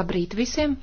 Labrīt visiem!